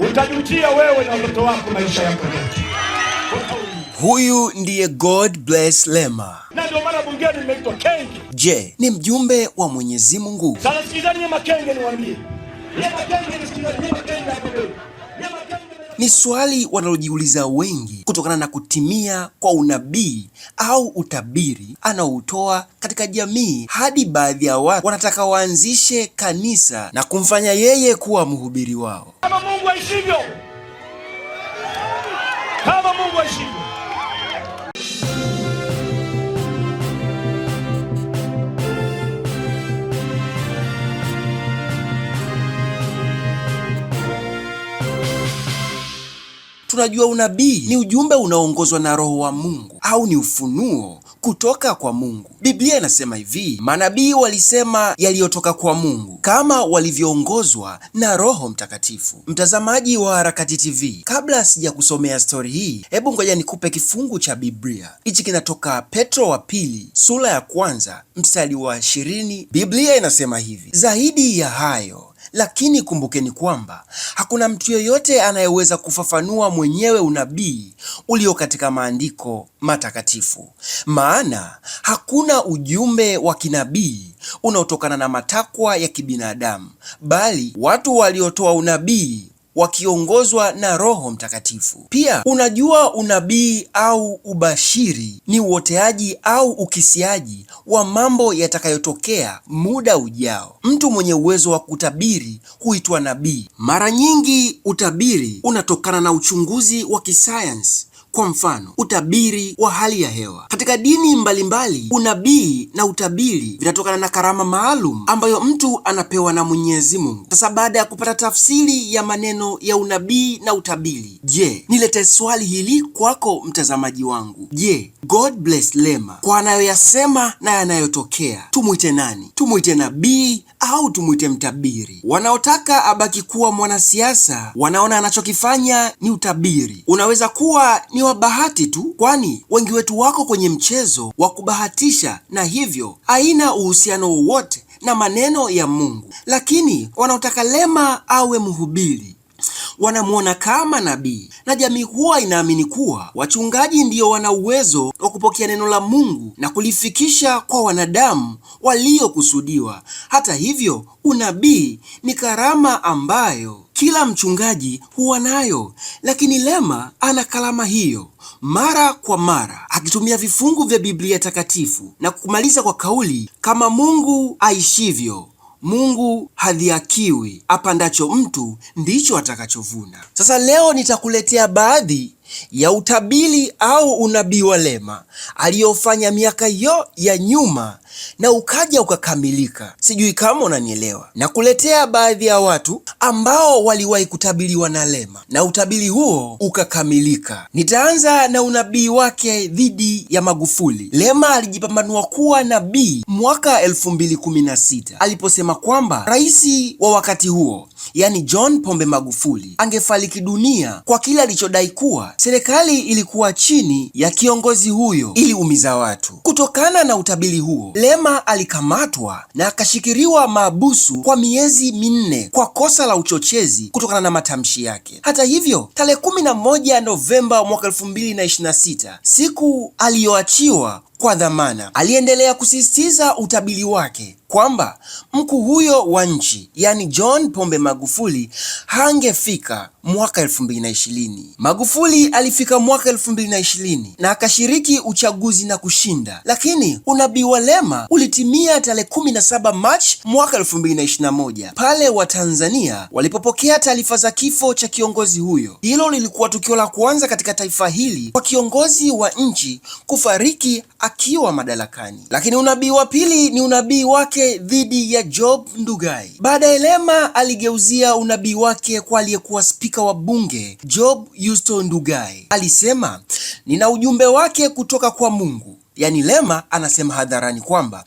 utajutia wewe na watoto wako maisha yako yote. Huyu ndiye God Bless Lema, na ndio maana bungeni nimeitwa Kenge. Je, ni mjumbe wa Mwenyezi Mungu? Sasa sikizani nyema niwaambie nyema Kenge, nisikizani nyema hapo ni swali wanalojiuliza wengi kutokana na kutimia kwa unabii au utabiri anaoutoa katika jamii, hadi baadhi ya watu wanataka waanzishe kanisa na kumfanya yeye kuwa mhubiri wao kama Mungu aishivyo. tunajua unabii ni ujumbe unaoongozwa na Roho wa Mungu au ni ufunuo kutoka kwa Mungu. Biblia inasema hivi, manabii walisema yaliyotoka kwa Mungu kama walivyoongozwa na Roho Mtakatifu. Mtazamaji wa Harakati TV, kabla sijakusomea stori hii, hebu ngoja nikupe kifungu cha Biblia. Hichi kinatoka Petro wa pili sura ya kwanza mstari wa ishirini. Biblia inasema hivi, zaidi ya hayo lakini kumbukeni kwamba hakuna mtu yeyote anayeweza kufafanua mwenyewe unabii ulio katika maandiko matakatifu, maana hakuna ujumbe wa kinabii unaotokana na matakwa ya kibinadamu, bali watu waliotoa unabii wakiongozwa na Roho Mtakatifu. Pia unajua, unabii au ubashiri ni uoteaji au ukisiaji wa mambo yatakayotokea muda ujao. Mtu mwenye uwezo wa kutabiri huitwa nabii. Mara nyingi utabiri unatokana na uchunguzi wa kisayansi kwa mfano, utabiri wa hali ya hewa. Katika dini mbalimbali, unabii na utabiri vinatokana na karama maalum ambayo mtu anapewa na Mwenyezi Mungu. Sasa baada ya kupata tafsiri ya maneno ya unabii na utabiri, je, nilete swali hili kwako mtazamaji wangu. Je, God bless Lema kwa anayoyasema na yanayotokea, tumwite nani? Tumwite nabii au tumwite mtabiri. Wanaotaka abaki kuwa mwanasiasa wanaona anachokifanya ni utabiri. Unaweza kuwa ni wa bahati tu, kwani wengi wetu wako kwenye mchezo wa kubahatisha, na hivyo haina uhusiano wowote na maneno ya Mungu. Lakini wanaotaka Lema awe mhubiri wanamwona kama nabii, na jamii huwa inaamini kuwa wachungaji ndiyo wana uwezo wa kupokea neno la Mungu na kulifikisha kwa wanadamu waliokusudiwa. Hata hivyo, unabii ni karama ambayo kila mchungaji huwa nayo, lakini Lema ana karama hiyo mara kwa mara akitumia vifungu vya Biblia takatifu na kumaliza kwa kauli kama Mungu aishivyo. Mungu hadhiakiwi apandacho mtu ndicho atakachovuna. Sasa leo nitakuletea baadhi ya utabiri au unabii wa Lema aliyofanya miaka yo ya nyuma na ukaja ukakamilika. Sijui kama unanielewa. Na kuletea baadhi ya watu ambao waliwahi kutabiriwa na Lema na utabiri huo ukakamilika. Nitaanza na unabii wake dhidi ya Magufuli. Lema alijipambanua kuwa nabii mwaka 2016 aliposema kwamba rais wa wakati huo yaani John Pombe Magufuli angefariki dunia kwa kile alichodai kuwa serikali ilikuwa chini ya kiongozi huyo ili umiza watu. Kutokana na utabiri huo, Lema alikamatwa na akashikiriwa maabusu kwa miezi minne kwa kosa la uchochezi kutokana na matamshi yake. Hata hivyo, tarehe 11 Novemba mwaka 2026 siku aliyoachiwa kwa dhamana. Aliendelea kusisitiza utabiri wake kwamba mkuu huyo wa nchi, yaani John Pombe Magufuli, hangefika mwaka 2020. Magufuli alifika mwaka 2020 na akashiriki uchaguzi na kushinda, lakini unabii wa Lema ulitimia tarehe 17 Machi mwaka 2021 pale Watanzania walipopokea taarifa za kifo cha kiongozi huyo. Hilo lilikuwa tukio la kwanza katika taifa hili kwa kiongozi wa nchi kufariki akiwa madarakani. Lakini unabii wa pili ni unabii wake dhidi ya Job Ndugai. Baadaye Lema aligeuzia unabii wake kwa aliyekuwa spika Spika wa Bunge Job Yusto Ndugai alisema, nina ujumbe wake kutoka kwa Mungu. Yaani Lema anasema hadharani kwamba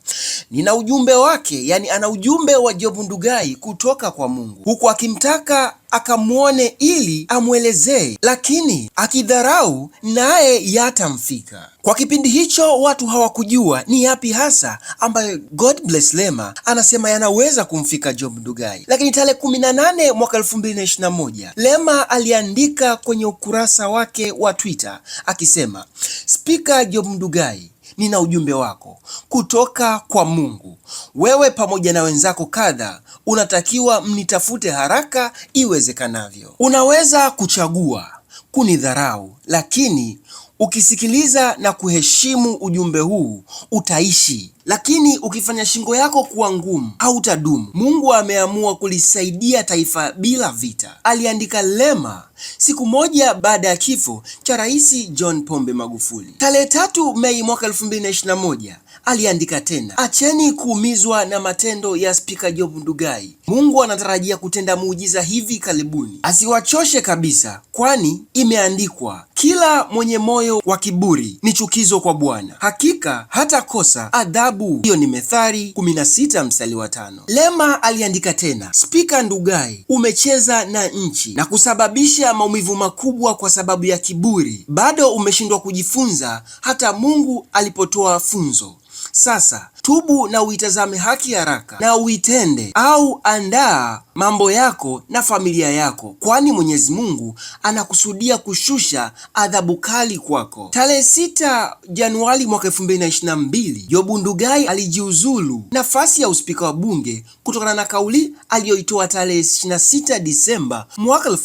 nina ujumbe wake, yani ana ujumbe wa jobu Ndugai kutoka kwa Mungu, huku akimtaka akamwone ili amwelezee, lakini akidharau naye yatamfika. Kwa kipindi hicho watu hawakujua ni yapi hasa ambayo God bless Lema anasema yanaweza kumfika Job Ndugai, lakini tarehe 18 mwaka 2021 Lema aliandika kwenye ukurasa wake wa Twitter akisema, Spika Job Ndugai nina ujumbe wako kutoka kwa Mungu. Wewe pamoja na wenzako kadha unatakiwa mnitafute haraka iwezekanavyo. Unaweza kuchagua kunidharau, lakini Ukisikiliza na kuheshimu ujumbe huu utaishi, lakini ukifanya shingo yako kuwa ngumu tadumu. Mungu ameamua kulisaidia taifa bila vita. Aliandika lema siku moja baada ya kifo cha Rais John Pombe Magufuli tarehe tatu Mei mwaka 2021 aliandika tena, acheni kuumizwa na matendo ya Spika Job Ndugai. Mungu anatarajia kutenda muujiza hivi karibuni, asiwachoshe kabisa, kwani imeandikwa, kila mwenye moyo wa kiburi ni chukizo kwa Bwana, hakika hata kosa adhabu. Hiyo ni Methali 16 mstari wa tano. Lema aliandika tena, Spika Ndugai, umecheza na nchi na kusababisha maumivu makubwa kwa sababu ya kiburi. Bado umeshindwa kujifunza hata Mungu alipotoa funzo. Sasa tubu na uitazame haki haraka na uitende, au andaa mambo yako na familia yako, kwani Mwenyezi Mungu anakusudia kushusha adhabu kali kwako. Tarehe sita Januari mwaka mbili Jobu Ndugai alijiuzulu nafasi ya uspika wa bunge kutokana na kauli aliyoitoa tarehe sita Disemba mwaka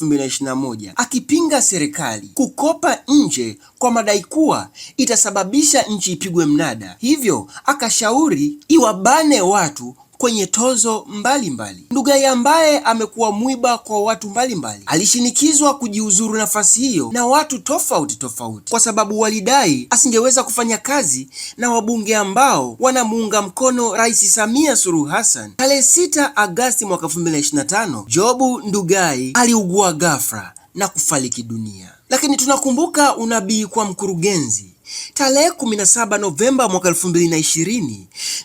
moja akipinga serikali kukopa nje kwa madai kuwa itasababisha nchi ipigwe mnada, hivyo akashauri shauri iwabane watu kwenye tozo mbalimbali. Ndugai ambaye amekuwa mwiba kwa watu mbalimbali alishinikizwa kujiuzuru nafasi hiyo na watu tofauti tofauti, kwa sababu walidai asingeweza kufanya kazi na wabunge ambao wanamuunga mkono Rais Samia Suluhu Hassan. Tarehe 6 Agasti mwaka 2025, Jobu Ndugai aliugua ghafla na kufariki dunia, lakini tunakumbuka unabii kwa mkurugenzi Tarehe 17 Novemba mwaka 2020,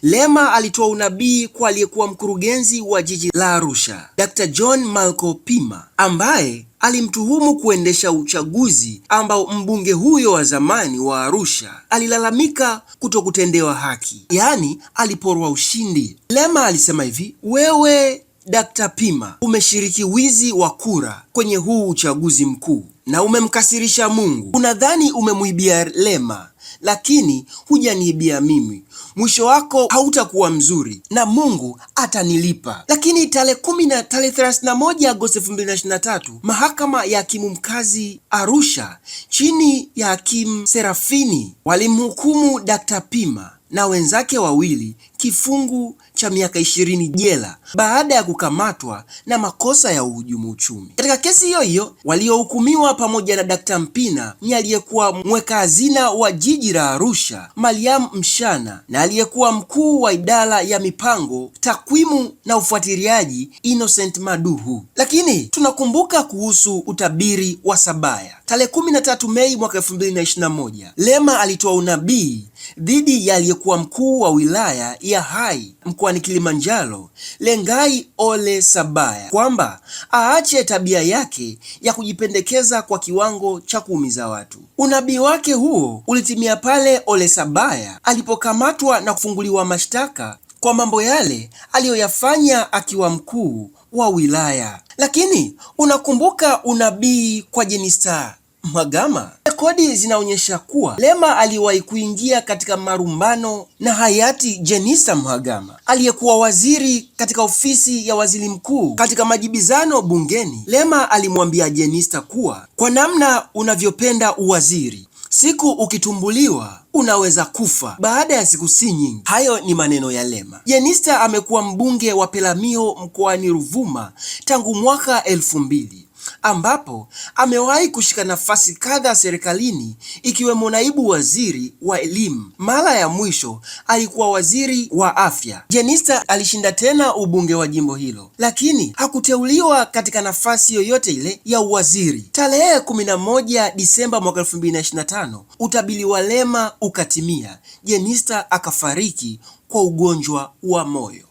Lema alitoa unabii kwa aliyekuwa mkurugenzi wa jiji la Arusha, Dr. John Malko Pima, ambaye alimtuhumu kuendesha uchaguzi ambao mbunge huyo wa zamani wa Arusha alilalamika kutokutendewa haki, yaani aliporwa ushindi. Lema alisema hivi: wewe Dr. Pima, umeshiriki wizi wa kura kwenye huu uchaguzi mkuu na umemkasirisha Mungu. Unadhani umemuibia Lema, lakini hujaniibia mimi. Mwisho wako hautakuwa mzuri na Mungu atanilipa. Lakini tarehe kumi na tarehe 31 Agosti 2023 mahakama ya hakimu mkazi Arusha chini ya hakimu Serafini walimhukumu Dr. Pima na wenzake wawili kifungu cha miaka ishirini jela baada ya kukamatwa na makosa ya uhujumu uchumi. Katika kesi hiyo hiyo waliohukumiwa pamoja na Dkt. Mpina ni aliyekuwa mweka hazina wa jiji la Arusha Mariam Mshana na aliyekuwa mkuu wa idara ya mipango, takwimu na ufuatiliaji Innocent Maduhu. Lakini tunakumbuka kuhusu utabiri wa Sabaya tarehe 13 Mei mwaka 2021, Lema alitoa unabii dhidi ya aliyekuwa mkuu wa wilaya ya Hai mkoani Kilimanjaro, Lengai Ole Sabaya kwamba aache tabia yake ya kujipendekeza kwa kiwango cha kuumiza watu. Unabii wake huo ulitimia pale Ole Sabaya alipokamatwa na kufunguliwa mashtaka kwa mambo yale aliyoyafanya akiwa mkuu wa wilaya. Lakini unakumbuka unabii kwa Jenista Mhagama? Rekodi zinaonyesha kuwa Lema aliwahi kuingia katika marumbano na hayati Jenista Mhagama aliyekuwa waziri katika ofisi ya waziri mkuu. Katika majibizano bungeni, Lema alimwambia Jenista kuwa kwa namna unavyopenda uwaziri siku ukitumbuliwa unaweza kufa baada ya siku si nyingi. Hayo ni maneno ya Lema. Jenista amekuwa mbunge wa Pelamio mkoani Ruvuma tangu mwaka elfu mbili ambapo amewahi kushika nafasi kadhaa serikalini ikiwemo naibu waziri wa elimu. Mara ya mwisho alikuwa waziri wa afya. Jenista alishinda tena ubunge wa jimbo hilo, lakini hakuteuliwa katika nafasi yoyote ile ya uwaziri. Tarehe 11 Disemba mwaka 2025 utabiri wa Lema ukatimia, Jenista akafariki kwa ugonjwa wa moyo.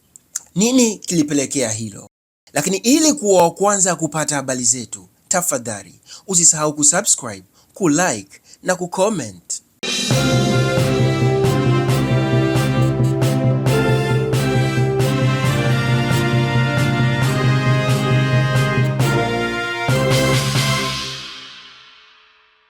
Nini kilipelekea hilo? Lakini ili kuwa wa kwanza kupata habari zetu, tafadhali usisahau kusubscribe, kulike na kucomment.